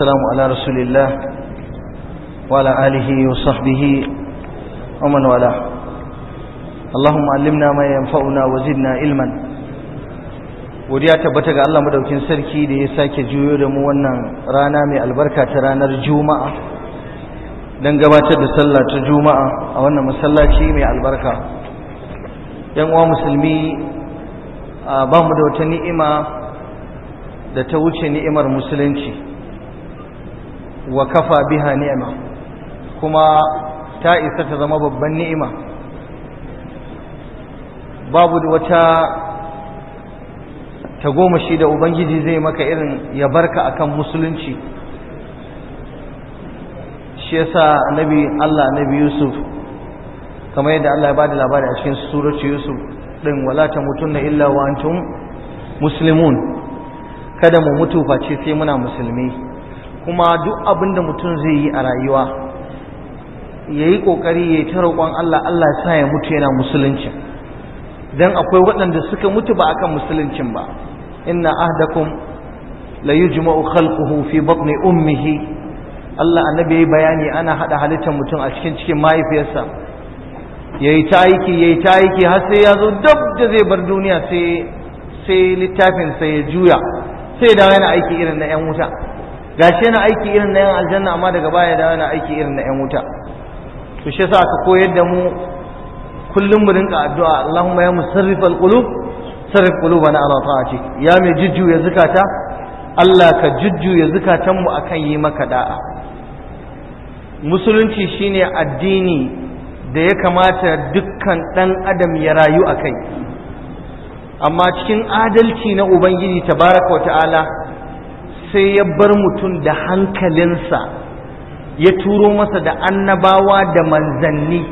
السلام على رسول الله وعلى آله وصحبه ومن والاه اللهم علمنا ما ينفعنا وزدنا علما godiya tabbata ga Allah madaukin sarki da ya sake juyo da mu wannan rana mai albarka ta ranar juma'a don gabatar da sallah ta juma'a a wannan masallaci mai albarka yan uwa musulmi ba mu da wata ni'ima da ta wuce ni'imar musulunci wa kafa biha ni'ima kuma ta isa ta zama babban ni'ima babu da wata tagomashi da ubangiji zai maka irin ya barka akan musulunci shi yasa annabi Allah annabi Yusuf kamar yadda Allah ya bada labari a cikin suratu Yusuf din wala tamutunna illa wa antum muslimun kada mu mutu face sai muna musulmi kuma duk abin da mutum zai yi a rayuwa ya yi ƙoƙari ya yi ta roƙon Allah Allah sa ya mutu yana musuluncin don akwai waɗanda suka mutu ba akan musuluncin ba inna ahdakum la yujma'u khalquhu fi batni ummihi Allah annabi yi bayani ana haɗa halittar mutum a cikin cikin mahaifiyarsa yayi ta aiki yayi ta aiki har sai ya zo dab da zai bar duniya sai sai ya juya sai da yana aiki irin na yan wuta gashi yana aiki irin na yan aljanna amma daga baya da yana aiki irin na yan wuta to shi yasa aka koyar da mu kullum mu rinka addu'a Allahumma ya musarrif alqulub sarrif qulubana ala ta'ati ya mai ya zakata Allah ka jujjuya zakatan mu akan yi maka da'a musulunci shine addini da ya kamata dukkan dan adam ya rayu akai amma cikin adalci na ubangiji tabaraka wa ta'ala sai ya bar mutum da hankalinsa ya turo masa da annabawa da manzanni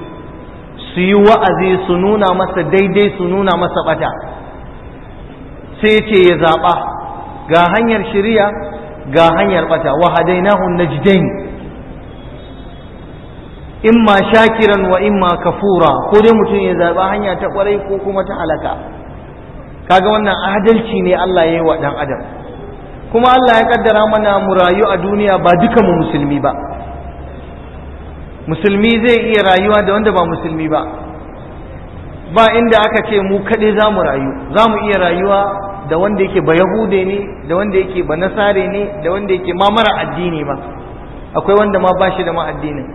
su yi wa'azi su nuna masa daidai su nuna masa bata sai ya ce ya zaɓa ga hanyar shirya ga hanyar bata wa hadainahun najdain imma shakiran wa imma kafura ko dai mutum ya zaɓa hanya ta ƙwarai ko kuma ta halaka kaga wannan adalci ne Allah ya yi wa ɗan adam kuma Allah ya kaddara mana mu rayu a duniya ba duka mu musulmi ba musulmi zai iya rayuwa da wanda ba musulmi ba ba inda aka ce mu kaɗai za mu rayu za mu iya rayuwa da wanda yake ba yahude ne da wanda yake ba nasare ne da wanda yake ma mara addini ba, akwai wanda ma ba shi da ma addinin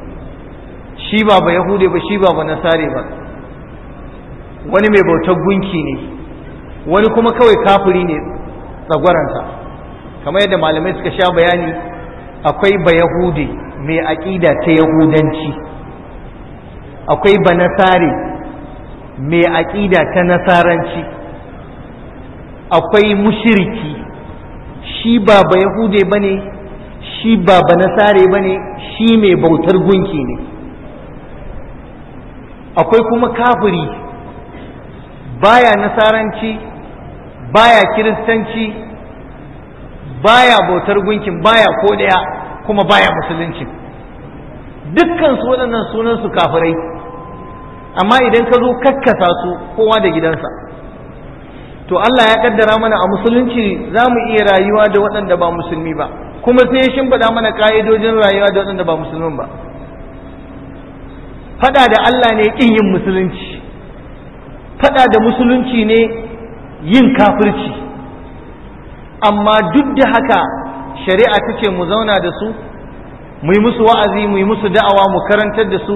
shi ba ba yahude ba shi ba ba nasare ba wani mai bautar gunki ne wani kuma kawai kafiri ne tsagwaranta kamar yadda malamai suka sha bayani akwai ba yahudi mai aƙida ta yahudanci akwai ba nasare mai aƙida ta nasaranci akwai mushiriki shi ba ba yahude ba ne shi ba ba nasare ba ne shi mai bautar gunki ne akwai kuma kafiri baya nasaranci baya kiristanci baya bautar gunkin baya ko daya kuma baya musulunci dukkan su waɗannan sunan su kafirai amma idan ka zo kakkasa su kowa da gidansa to Allah ya kaddara mana a musulunci za mu iya rayuwa da waɗanda ba musulmi ba kuma sai ya shimfiɗa mana ƙa'idojin rayuwa da waɗanda ba musulmin ba faɗa da Allah ne kin yin musulunci faɗa da musulunci ne yin kafirci amma duk da haka shari'a ta ce mu zauna da su mu yi musu wa'azi mu yi musu da'awa mu karantar da su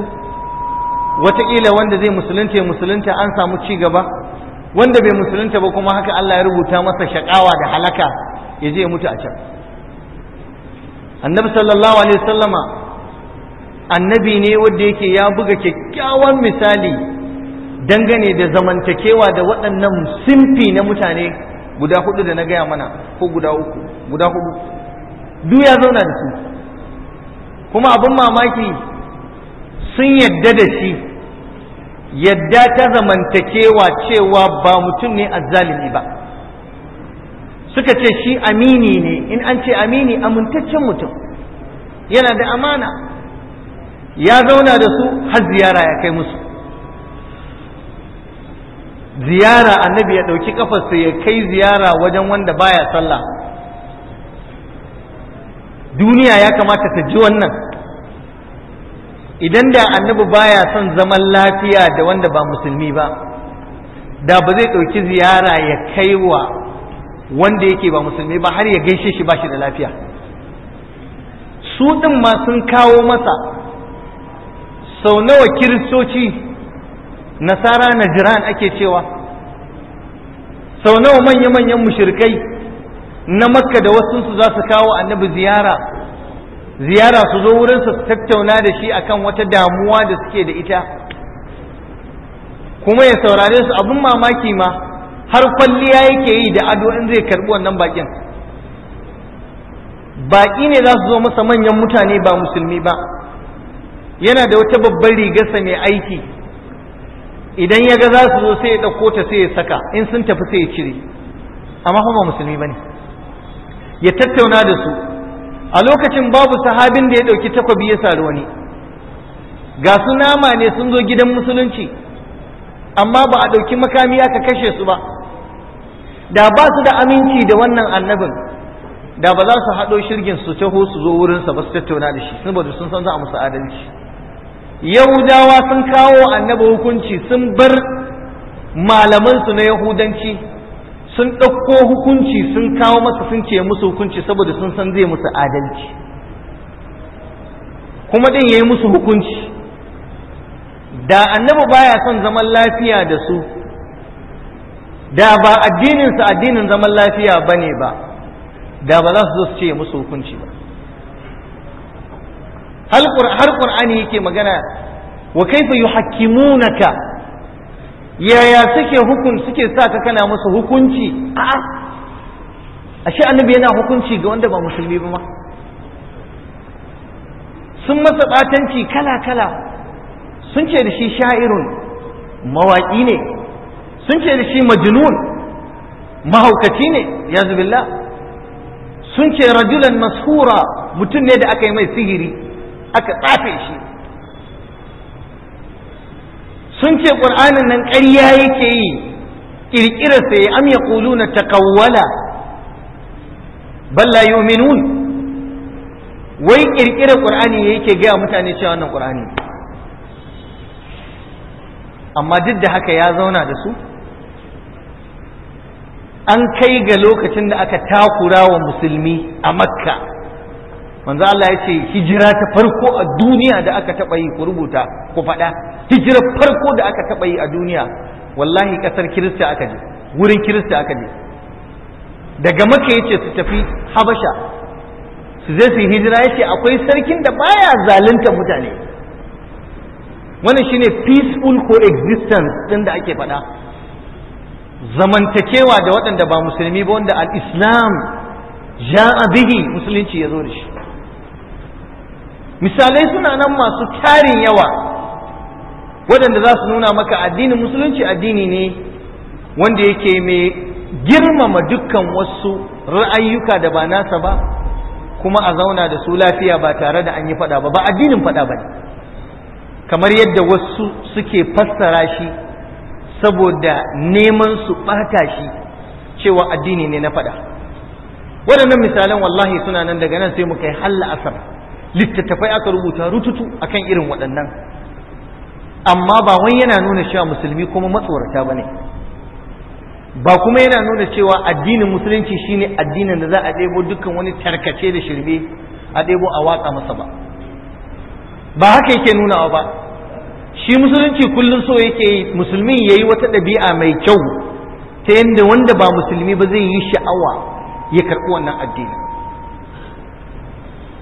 wataƙila wanda zai musulunta musulunta an samu ci gaba wanda bai musulunta ba kuma haka Allah ya rubuta masa shaƙawa da halaka ya je ya mutu a can annabi sallallahu alaihi wasallama annabi ne wanda yake ya buga kyakkyawan misali dangane da zamantakewa da waɗannan simfi na mutane guda hudu da na gaya mana ko guda uku guda hudu duk ya zauna da su kuma abin mamaki sun yadda da shi yadda ta zamantakewa cewa ba mutum ne azzalimi ba suka ce shi amini ne in an ce amini amintaccen mutum yana da amana ya zauna da su har ziyara ya kai musu ziyara annabi ya ɗauki ƙafarsa ya kai ziyara wajen wanda baya sallah duniya ya kamata ta ji wannan idan da annabi baya son zaman lafiya da wanda ba musulmi ba da ba zai ɗauki ziyara ya kai wa wanda yake ba musulmi ba har ya gaishe shi ba shi da lafiya su ɗin ma sun kawo masa sau nawa kiristoci nasara na jiran ake cewa sau nawa manya-manyan mushrikai na makka da wasu su za su kawo annabi ziyara ziyara su zo wurinsa su tattauna da shi akan wata damuwa da suke da ita kuma ya saurare su abin mamaki ma har kwalliya yake yi da ado in zai karɓi wannan bakin Baƙi ne za su zo masa manyan mutane ba musulmi ba yana da wata babbar rigarsa mai aiki idan ya ga za su zo sai ya ɗauko ta sai ya saka in sun tafi sai ya cire amma kuma musulmi ba ne, ya tattauna da su a lokacin babu sahabin da ya ɗauki takwabi ya sari wani ga su nama ne sun zo gidan musulunci amma ba a ɗauki makami aka kashe su ba da ba su da aminci da wannan annabin da ba za su haɗo shirgin su taho su zo wurinsa ba su tattauna da shi saboda sun san za a musu adalci yahudawa sun kawo annabi hukunci sun bar malamansu na yahudanci sun ɗauko hukunci sun kawo masa sun ce musu hukunci saboda sun san zai musu adalci kuma ɗin ya yi musu hukunci da annabi baya son zaman lafiya da su da ba addininsu addinin zaman lafiya ba ne ba da ba za su zo su ce musu hukunci ba har qur'ani yake magana wa kaifa yuhakkimunaka yaya suke hukun suke sa ka kana musu hukunci a'a ashe annabi yana hukunci ga wanda ba musulmi ba ma sun masa batanci kala kala sun ce da shi sha'irun mawaƙi ne sun ce da shi majnun mahaukaci ne ya zubillah sun ce rajulan mashura mutum ne da aka yi mai sihiri aka tsafe shi sun ce ƙur'anin nan ƙarya yake yi ƙirƙirar sai am ya na takawwala balla yuminun wai ƙirƙirar ƙur'ani yake gaya mutane cewa wannan ƙur'ani amma duk da haka ya zauna da su an kai ga lokacin da aka takura wa musulmi a makka manzo Allah ya ce hijira ta farko a duniya da aka taɓa yi ku rubuta ku faɗa hijira farko da aka taɓa yi a duniya wallahi ƙasar kirista aka je wurin kirista aka je daga maka ce su tafi habasha su je su hijira yace akwai sarkin da baya zalunta mutane wannan shine peaceful coexistence din da ake faɗa zamantakewa da waɗanda ba musulmi ba wanda al-islam ja'a bihi musulunci ya zo da shi misalai suna nan masu tarin yawa waɗanda za su nuna maka addinin musulunci addini ne wanda yake mai girmama dukkan wasu ra'ayyuka da ba nasa ba kuma a zauna da su lafiya ba tare da an yi faɗa ba ba addinin faɗa ba kamar yadda wasu suke fassara shi saboda neman su ɓata shi cewa addini ne na faɗa waɗannan misalan wallahi suna nan daga nan sai mu kai halla asar littattafai aka rubuta rututu akan irin waɗannan amma ba wani yana nuna cewa musulmi kuma matsorata ba ne ba kuma yana nuna cewa addinin musulunci shine addinin da za a ɗebo dukkan wani tarkace da shirme a ɗebo a waka masa ba ba haka yake nunawa ba shi musulunci kullum so yake musulmin ya yi wata ɗabi'a mai kyau ta yadda wanda ba musulmi ba zai yi sha'awa ya karɓi wannan addinin.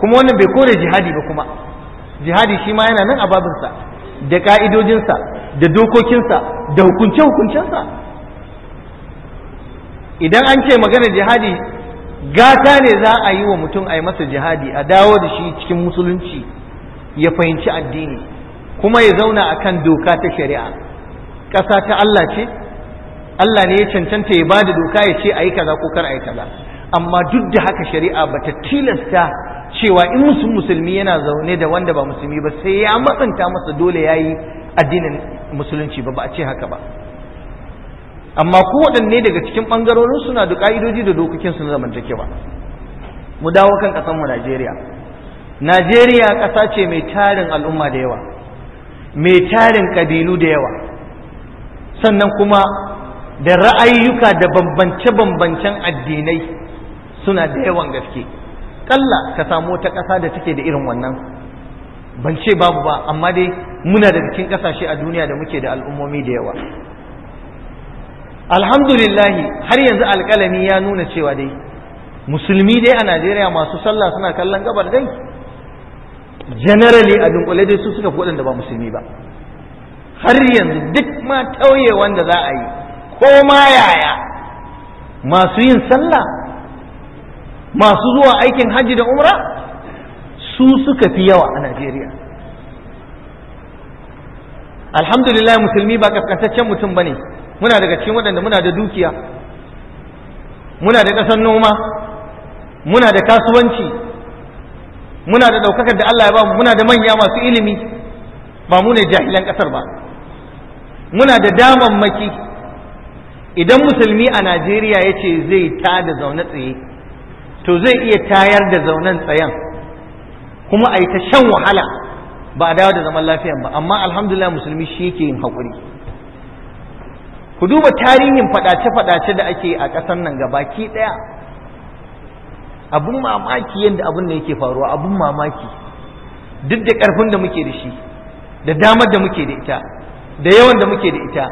kuma wannan bai kore jihadi ba kuma jihadi shi ma yana nan a babinsa da ka'idojinsa da dokokinsa da hukunce-hukuncensa idan an ce maganar jihadi gata ne za a yi wa mutum a yi masa jihadi a dawo da shi cikin musulunci ya fahimci addini kuma ya zauna a kan doka ta shari'a ƙasa ta Allah ce Allah ne ya cancanta ya ba da doka ya ce a yi kaza ko kar a yi kaza amma duk da haka shari'a bata tilasta cewa in musu musulmi yana zaune da wanda ba musulmi ba sai ya matsanta masa dole ya yi addinin musulunci ba ba a ce haka ba amma ko waɗanne daga cikin ɓangarorin suna da ƙa'idoji da dokokin su na zamantakewa mu dawo kan ƙasar mu najeriya najeriya ƙasa ce mai tarin al'umma da yawa mai tarin ƙabilu da yawa sannan kuma da ra'ayyuka da bambance-bambancen addinai suna da yawan gaske kalla ka samu wata ƙasa da take da irin wannan ban ce babu ba amma dai muna da cikin ƙasashe a duniya da muke da al'ummomi da yawa alhamdulillahi har yanzu alƙalami ya nuna cewa dai musulmi dai a najeriya masu sallah suna kallon gabar dai generally a dunkule dai su suka fi waɗanda ba musulmi ba har yanzu duk ma tauye wanda za a yi ko ma yaya masu yin sallah masu zuwa aikin hajji da umra su suka fi yawa a najeriya alhamdulillah musulmi ba kaskantaccen mutum ba ne muna daga cikin waɗanda muna da dukiya muna da ƙasar noma muna da kasuwanci muna da ɗaukakar da allah ya ba mu muna da manya masu ilimi ba mu ne jahilan ƙasar ba muna da damammaki idan musulmi a najeriya ya ce zai ta da zaune tsaye to zai iya tayar da zaunan tsayan kuma a yi ta shan wahala ba a dawo da zaman lafiyan ba amma alhamdulillah musulmi shi yake yin haƙuri ku duba tarihin faɗace-faɗace da ake a ƙasar nan ga baki ɗaya abun mamaki yadda abin da yake faruwa abun mamaki duk da ƙarfin da muke da shi da damar da muke da ita da yawan da muke da ita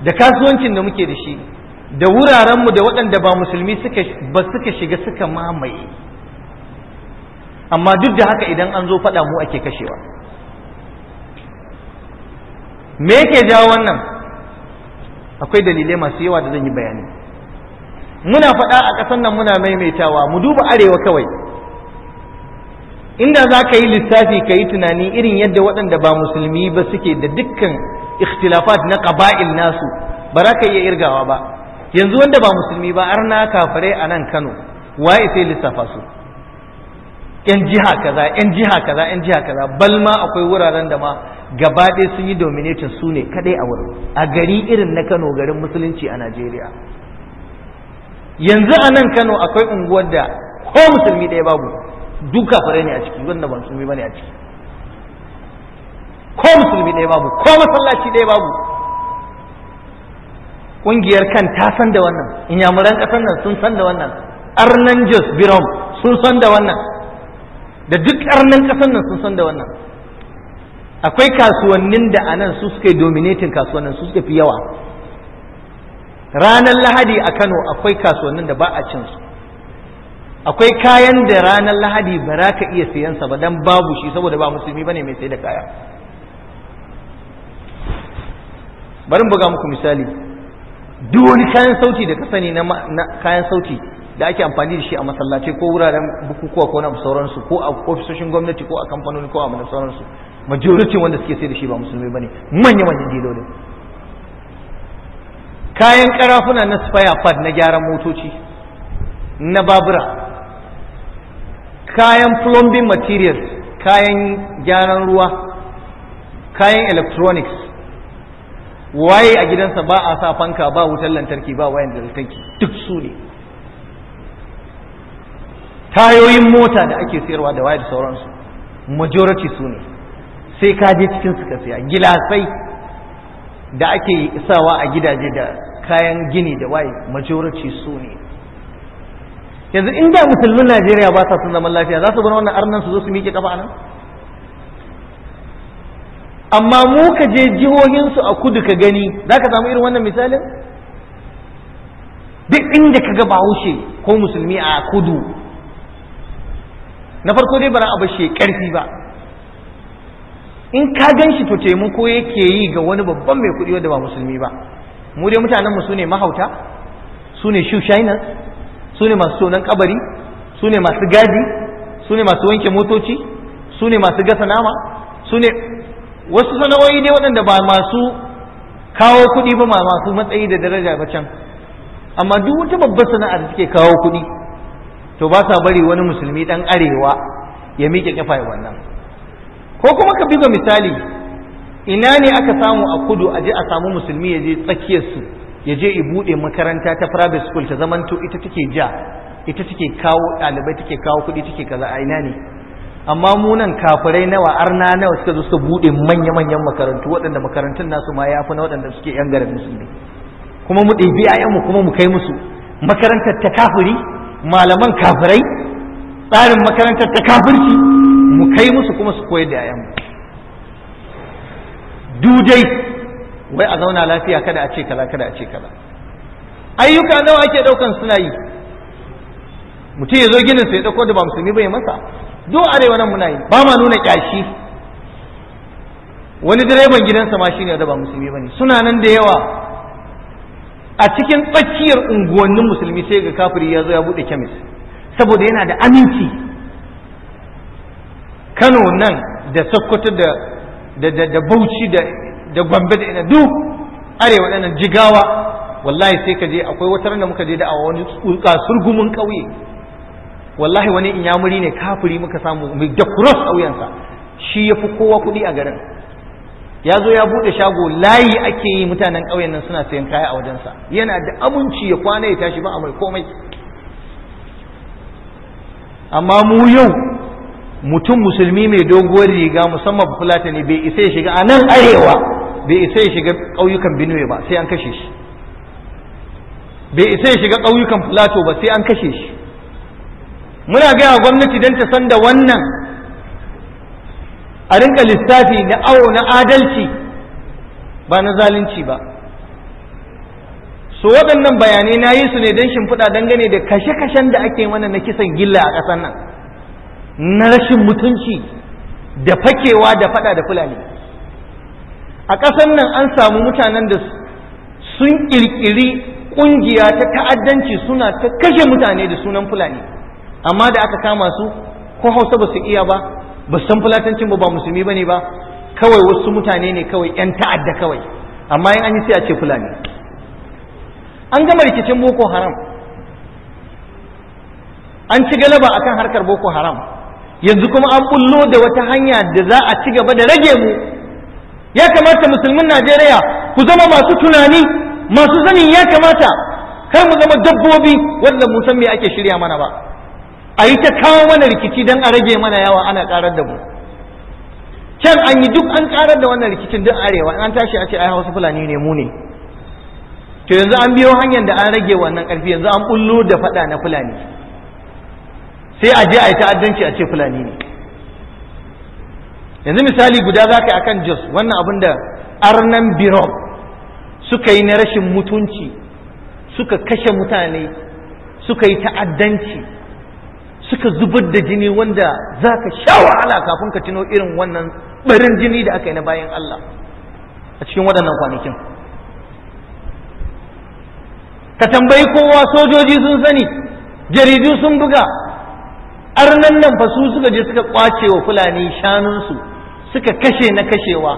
da kasuwancin da muke da shi da wurarenmu da waɗanda ba musulmi ba suka shiga suka mamaye amma duk da haka idan an zo faɗa mu ake kashewa me yake jawo wannan akwai dalilai masu yawa da zan yi bayani muna faɗa a ƙasar nan muna maimaitawa mu duba arewa kawai inda za ka yi lissafi ka yi tunani irin yadda waɗanda ba musulmi ba suke da dukkan ikhtilafat na ƙaba'il nasu ba za ka iya irgawa ba yanzu wanda ba musulmi ba arna kafare a nan Kano waye sai lissafa su yan jiha kaza yan jiha kaza yan jiha kaza balma akwai wuraren da ma gaba ɗaya sun yi dominatin su ne kadai a wurin a gari irin na Kano garin musulunci a Najeriya yanzu a nan Kano akwai unguwar da ko musulmi ɗaya babu duk kafare ne a ciki wanda ba musulmi bane a ciki ko musulmi ɗaya babu ko masallaci ɗaya babu ƙungiyar kan ta san da wannan inyamuran ƙasar nan sun san da wannan arnan jos birom sun san da wannan da duk arnan ƙasar nan sun san da wannan akwai kasuwannin da anan su suke dominatin kasuwannin su suke fi yawa ranar lahadi a kano akwai kasuwannin da ba a cin su akwai kayan da ranar lahadi ba za ka iya siyansa ba dan babu shi saboda ba musulmi bane mai sai da kaya bari buga muku misali duk wani kayan sauti da ka sani na kayan sauti da ake amfani da shi a masallaci ko wuraren bukukuwa ko na sauransu ko a ofisoshin gwamnati ko a kamfanoni ko a mana sauransu majority wanda suke sai da shi ba musulmi bane manya manyan dilolin kayan karafuna na spare part na gyaran motoci na babura kayan plumbing materials kayan gyaran ruwa kayan electronics waye a gidansa ba a sa fanka ba wutar lantarki ba wayan lantarki duk su ne tayoyin mota da ake sayarwa da waye da sauransu majority su ne sai ka je cikin suka siya gilasai da ake sawa a gidaje da kayan gini da waye majority su ne yanzu inda musulmin Najeriya ba sa sun zaman lafiya za su bar wannan arnan su zo su miƙe kafa nan amma mu ka je jihohinsu a kudu ka gani za ka samu irin wannan misalin duk inda ka ga bahaushe ko musulmi a kudu na farko dai bara a shi karfi ba in ka gan shi to taimako yake yi ga wani babban mai kudi wanda ba musulmi ba mu dai mutanenmu su ne mahauta su ne shushainers su ne masu tonon kabari su ne masu gadi su ne masu wanke motoci su ne masu gasa nama su ne wasu sana'o'i ne waɗanda ba masu kawo kuɗi ba masu matsayi da daraja ba can amma duk wata babbar sana'a da suke kawo kuɗi to ba sa bari wani musulmi ɗan arewa ya miƙe ƙafa ya wannan ko kuma ka biga misali ina ne aka samu a kudu a je a samu musulmi ya je tsakiyarsu ya je ya buɗe makaranta ta private school ta zamanto ita take ja ita take kawo ɗalibai take kawo kuɗi take kaza a ina ne amma munan kafirai nawa arna nawa suka zo su bude manya-manyan makarantu waɗanda makarantun nasu ma ya fi na waɗanda suke yan garin musulmi kuma mu ɗebi mu kuma mu kai musu makarantar ta kafiri malaman kafirai tsarin makarantar ta kafirci mu kai musu kuma su koyar da 'yanmu. dudai wai a zauna lafiya kada a ce kaza kada a ce kaza ayyuka nawa ake ɗaukan suna yi mutum ya zo ginin sai ya ɗauko da ba musulmi bai masa duk arewa nan muna yi ba ma nuna kyashi wani direban gidansa ma shine da ba musulmi bane suna nan da yawa a cikin tsakiyar unguwannin musulmi sai ga kafiri ya zo ya bude kemis saboda yana da aminci kano nan da sokoto da bauchi da da gombe da ina duk arewa nan jigawa wallahi sai ka je akwai wata da muka je da a wani surgumin ƙauye wallahi wani in inyamuri ne kafiri muka samu mai da cross a wuyansa shi ya fi kowa kuɗi a garin ya zo ya buɗe shago layi ake yi mutanen kauyen nan suna sayan kaya a wajensa yana da aminci ya kwana ya tashi ba a mai komai amma mu yau mutum musulmi mai doguwar riga musamman ne bai isa ya shiga a nan arewa bai isa ya shiga ƙauyukan binuwe ba sai an kashe shi bai isa shiga ƙauyukan plato ba sai an kashe shi muna gaya gwamnati don ta san da wannan a rinka lissafi na awo na adalci ba na zalunci ba so waɗannan bayanai na yi su ne don shimfiɗa dangane da kashe-kashen da ake mana na kisan gilla a ƙasar nan na rashin mutunci da fakewa da faɗa da fulani a ƙasar nan an samu mutanen da sun ƙirƙiri ƙungiya ta ta'addanci suna ta kashe mutane da sunan fulani amma da aka kama su ko hausa ba su iya ba ba san fulatancin ba ba musulmi ba ne ba kawai wasu mutane ne kawai 'yan ta'adda kawai amma yin an yi sai a ce fulani an gama rikicin boko haram an ci galaba a kan harkar boko haram yanzu kuma an bullo da wata hanya da za a ci gaba da rage mu ya kamata musulmin najeriya ku zama masu tunani masu zanin ya kamata kar mu zama dabbobi wanda mu san me ake shirya mana ba a yi ta kawo mana rikici don a rage mana yawa ana karar da mu can an yi duk an karar da wannan rikicin duk arewa an tashi a ce ai hausa fulani ne mu ne to yanzu an biyo hanyar da an rage wannan karfi yanzu an bullo da fada na fulani sai a je a yi ta'addanci a ce fulani ne yanzu misali guda za ka yi akan jos wannan abin da arnan birom suka yi na rashin mutunci suka kashe mutane suka yi ta'addanci suka zubar da jini wanda za ka sha wahala kafin ka tuno irin wannan barin jini da aka yi na bayan Allah a cikin waɗannan kwanakin ka tambayi kowa sojoji sun sani jaridu sun buga arnan nan fasu su suka je suka kwace wa fulani shanunsu suka kashe na kashewa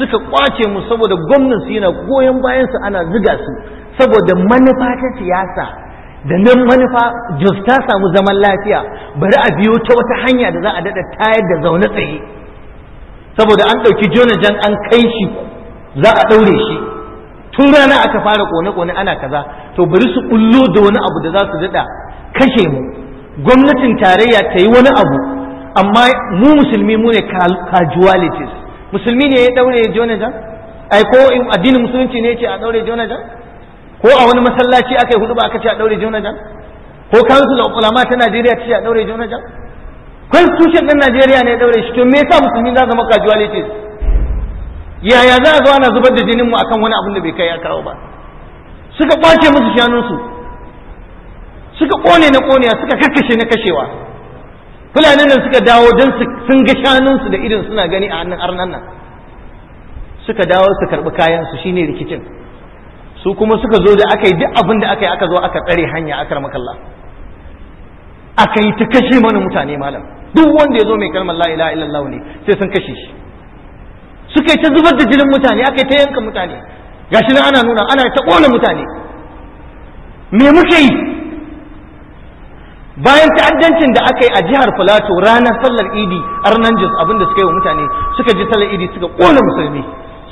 suka kwace mu saboda gwamnan su yana goyon bayansu ana ziga su saboda manufa ta siyasa da nan manufa jos ta samu zaman lafiya bari a biyo ta wata hanya da za a daɗa tayar da zaune tsaye saboda an ɗauki jan an kai shi za a ɗaure shi tun rana aka fara kone-kone ana kaza to bari su kullo da wani abu da za su daɗa kashe mu gwamnatin tarayya ta yi wani abu amma mu musulmi mu ne casualties musulmi ne ya ɗaure jan ai ko addinin musulunci ne ya ce a ɗaure jan? ko a wani masallaci aka yi hudu ba aka ce a daure juna jan ko council of ulama ta Najeriya ce a daure juna jan constitution din Najeriya ne daure shi to me yasa musulmi za zama casualties yaya za a zo ana zubar da jinin mu akan wani abin da bai kai ya kawo ba suka kwace musu shanunsu suka kone na konewa suka kakkashe na kashewa fulanin nan suka dawo don sun ga shanunsu da irin suna gani a hannun arnan nan suka dawo su karɓi kayansu shine rikicin su kuma suka zo da aka yi duk abin da aka yi aka zo aka tsare hanya aka ramakalla aka yi ta kashe mana mutane malam duk wanda ya zo mai kalmar la ilaha illallah ne sai sun kashe shi suka yi ta zubar da jinin mutane aka yi ta yanka mutane gashi nan ana nuna ana ta kona mutane me muke yi bayan ta'addancin da aka yi a jihar Filato ranar sallar idi arnanjis abin da suka yi wa mutane suka ji sallar idi suka kona musulmi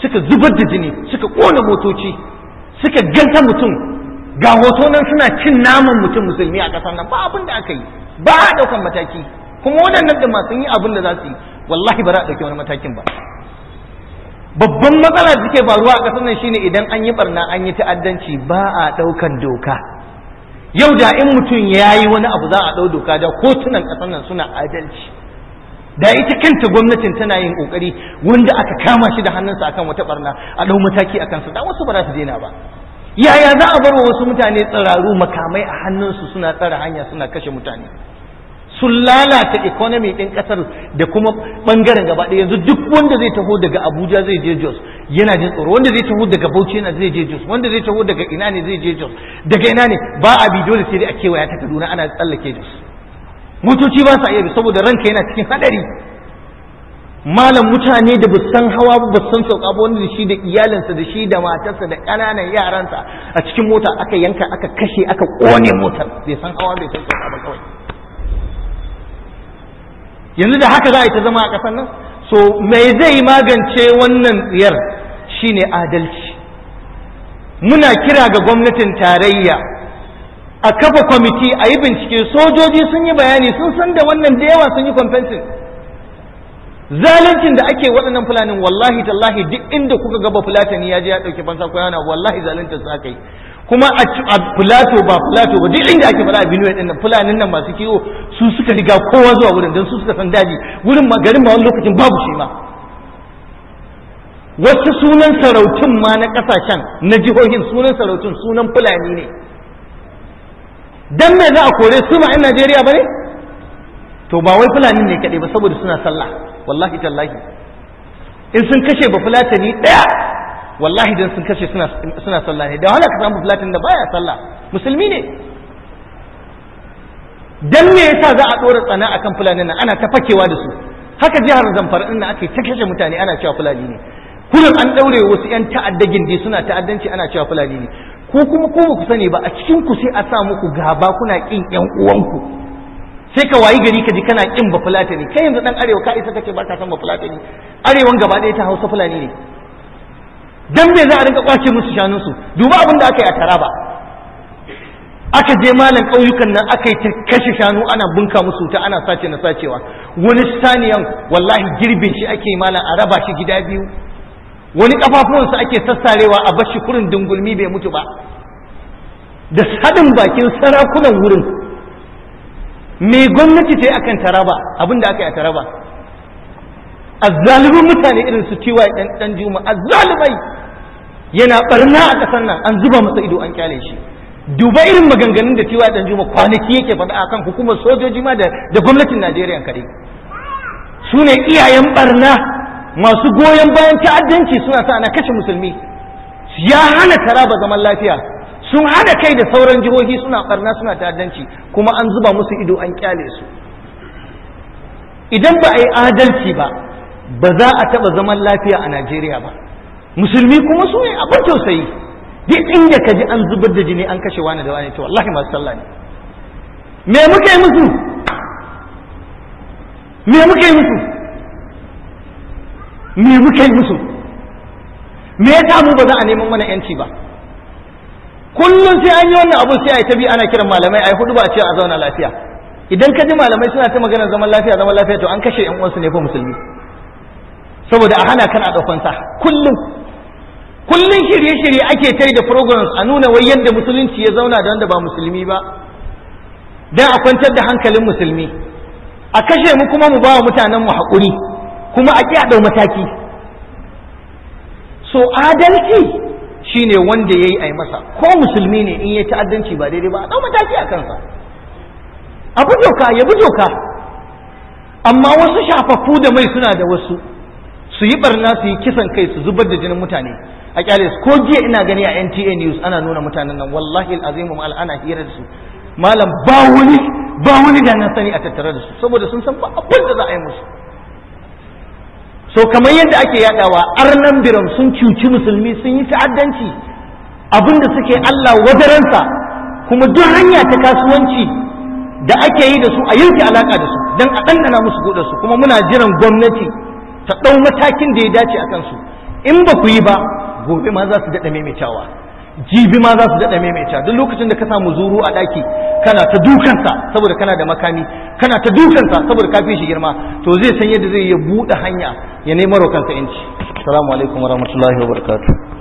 suka zubar da jini suka kona motoci suka ganta mutum ga hoto nan suna cin naman mutum musulmi a ƙasar nan ba abin da aka yi ba a ɗaukan mataki kuma waɗannan da masu yi abin da za su yi wallahi ba za a ɗauki wani matakin ba babban matsala da take faruwa a ƙasar nan shine idan an yi barna an yi ta'addanci ba a ɗaukan doka yau da in mutum ya yi wani abu za a ɗau doka da kotunan ƙasar nan suna adalci da ita kanta gwamnatin tana yin kokari wanda aka kama shi da hannunsa akan wata barna a dau mataki akan su da wasu ba za su daina ba yaya za a bar wasu mutane tsiraru makamai a hannunsu suna tsara hanya suna kashe mutane sun lalata economy din kasar da kuma ɓangaren gaba ɗaya yanzu duk wanda zai taho daga abuja zai je jos yana jin tsoro wanda zai taho daga bauchi yana zai je jos wanda zai taho daga ina ne zai je jos daga ina ne ba a bi dole sai dai a kewaya ta kaduna ana tsallake jos motoci ba sa iya saboda ranka yana cikin hadari malam mutane da san hawa ba san sauka ba wanda da shi da iyalinsa da shi da matarsa da ƙananan yaransa a cikin mota aka yanka aka kashe aka kone motar bai san hawa bai san sauka ba kawai yanzu da haka za a yi ta zama a ƙasar nan so me zai magance wannan tsiyar shine adalci muna kira ga gwamnatin tarayya a kafa kwamiti a yi bincike sojoji sun yi bayani sun san da wannan da yawa sun yi kwamfensin zalincin da ake waɗannan fulanin wallahi tallahi duk inda kuka gaba fulatani ya je ya ɗauki fansa ko yana wallahi zalincin su aka yi kuma a fulato ba fulato ba duk inda ake faɗa a binuwa ɗin fulanin nan masu kiwo su suka riga kowa zuwa wurin don su suka san daji wurin garin ba wani lokacin babu shi ma wasu sunan sarautun ma na ƙasashen na jihohin sunan sarautun sunan fulani ne dan me za a kore su ma 'yan Najeriya ba ne to ba wai fulani ne kaɗai ba saboda suna sallah wallahi tallahi in sun kashe ba fulatani ɗaya wallahi dan sun kashe suna sallah ne da wahala ka samu fulatin da baya sallah musulmi ne dan me yasa za a ɗora tsana akan fulani nan ana ta fakewa da su haka jihar zamfara ɗin ake ta kashe mutane ana cewa fulani ne kullum an ɗaure wasu 'yan ta'adda gindi suna ta'addanci ana cewa fulani ne ko kuma ko ku sani ba a cikin ku sai a sa muku gaba kuna kin yan uwanku sai ka wayi gari ka ji kana kin ba ne kai yanzu dan arewa ka isa kake ba ka san ba ne arewan gaba ɗaya ta hausa fulani ne dan me za a rinka kwace musu su duba abin da aka yi a taraba aka je malam ƙauyukan nan aka yi ta kashe shanu ana bunka musu ta ana sace na sacewa wani saniyan wallahi girbin shi ake malam a raba shi gida biyu wani kafafuwansa ake sassarewa a bashi kurin dungulmi bai mutu ba da sadin bakin sarakunan wurin mai gwamnati ta yi akan taraba abin da aka yi a taraba zalibin mutane irin su ciwa ɗan ɗan juma zalibai yana ɓarna a ƙasar nan an zuba masa ido an kyale shi duba irin maganganun da tiwa ɗan juma kwanaki yake faɗa akan hukumar sojoji ma da gwamnatin najeriya kaɗai su ne iyayen ɓarna. masu goyon bayan ta'addanci suna sa ana kashe musulmi ya hana taraba zaman lafiya sun hana kai da sauran jihohi suna barna suna ta'addanci kuma an zuba musu ido an kyale su idan ba a yi adalci ba ba za a taɓa zaman lafiya a najeriya ba musulmi kuma su ne abin tausayi duk inda ka ji an zubar da jini an kashe wani da wani to wallahi masu sallah ne me muke musu me yi musu me muka yi musu me yasa mu ba za a neman mana yanci ba kullum sai an yi wannan abu sai a yi ta bi ana kiran malamai a yi hudu ba a ce a zauna lafiya idan ka ji malamai suna ta maganar zaman lafiya zaman lafiya to an kashe yan uwansu ne fa musulmi saboda a hana kana a ɗaukan sa kullum kullum shirye-shirye ake tai da programs a nuna wai yadda musulunci ya zauna da wanda ba musulmi ba dan a kwantar da hankalin musulmi a kashe mu kuma mu ba wa mutanen mu haƙuri kuma a a ɗau mataki so adalci shine wanda ya yi a masa ko musulmi ne in ya ta'addanci ba daidai ba a ɗau mataki a kansa a bujoka ya bi amma wasu shafafu da mai suna da wasu su yi barna su yi kisan kai su zubar da jinin mutane a kyale su ko jiya ina gani a NTA news ana nuna mutanen nan wallahi al'azimu mal ana hira da su malam ba wani ba wani da na sani a tattare da su saboda sun san ba abin da za a yi musu so kamar yadda ake yadawa arnan biram sun cuci musulmi sun yi ta'addanci abinda suke Allah wadaransa kuma duk hanya ta kasuwanci da ake yi da su a yanke alaka da su dan a ɗanɗana musu goda su kuma muna jiran gwamnati ta ɗau matakin da ya dace a kansu in ba ku yi ba gobe ma za su daɗa maimaitawa jibi ma za su daɗa maimaita duk lokacin da ka samu zuru a ɗaki kana ta dukansa saboda kana da makami kana ta dukansa saboda ka fi shi girma to zai san yadda zai ya buɗe hanya ya nemo kansa yanci assalamu alaikum warahmatullahi wabarakatuh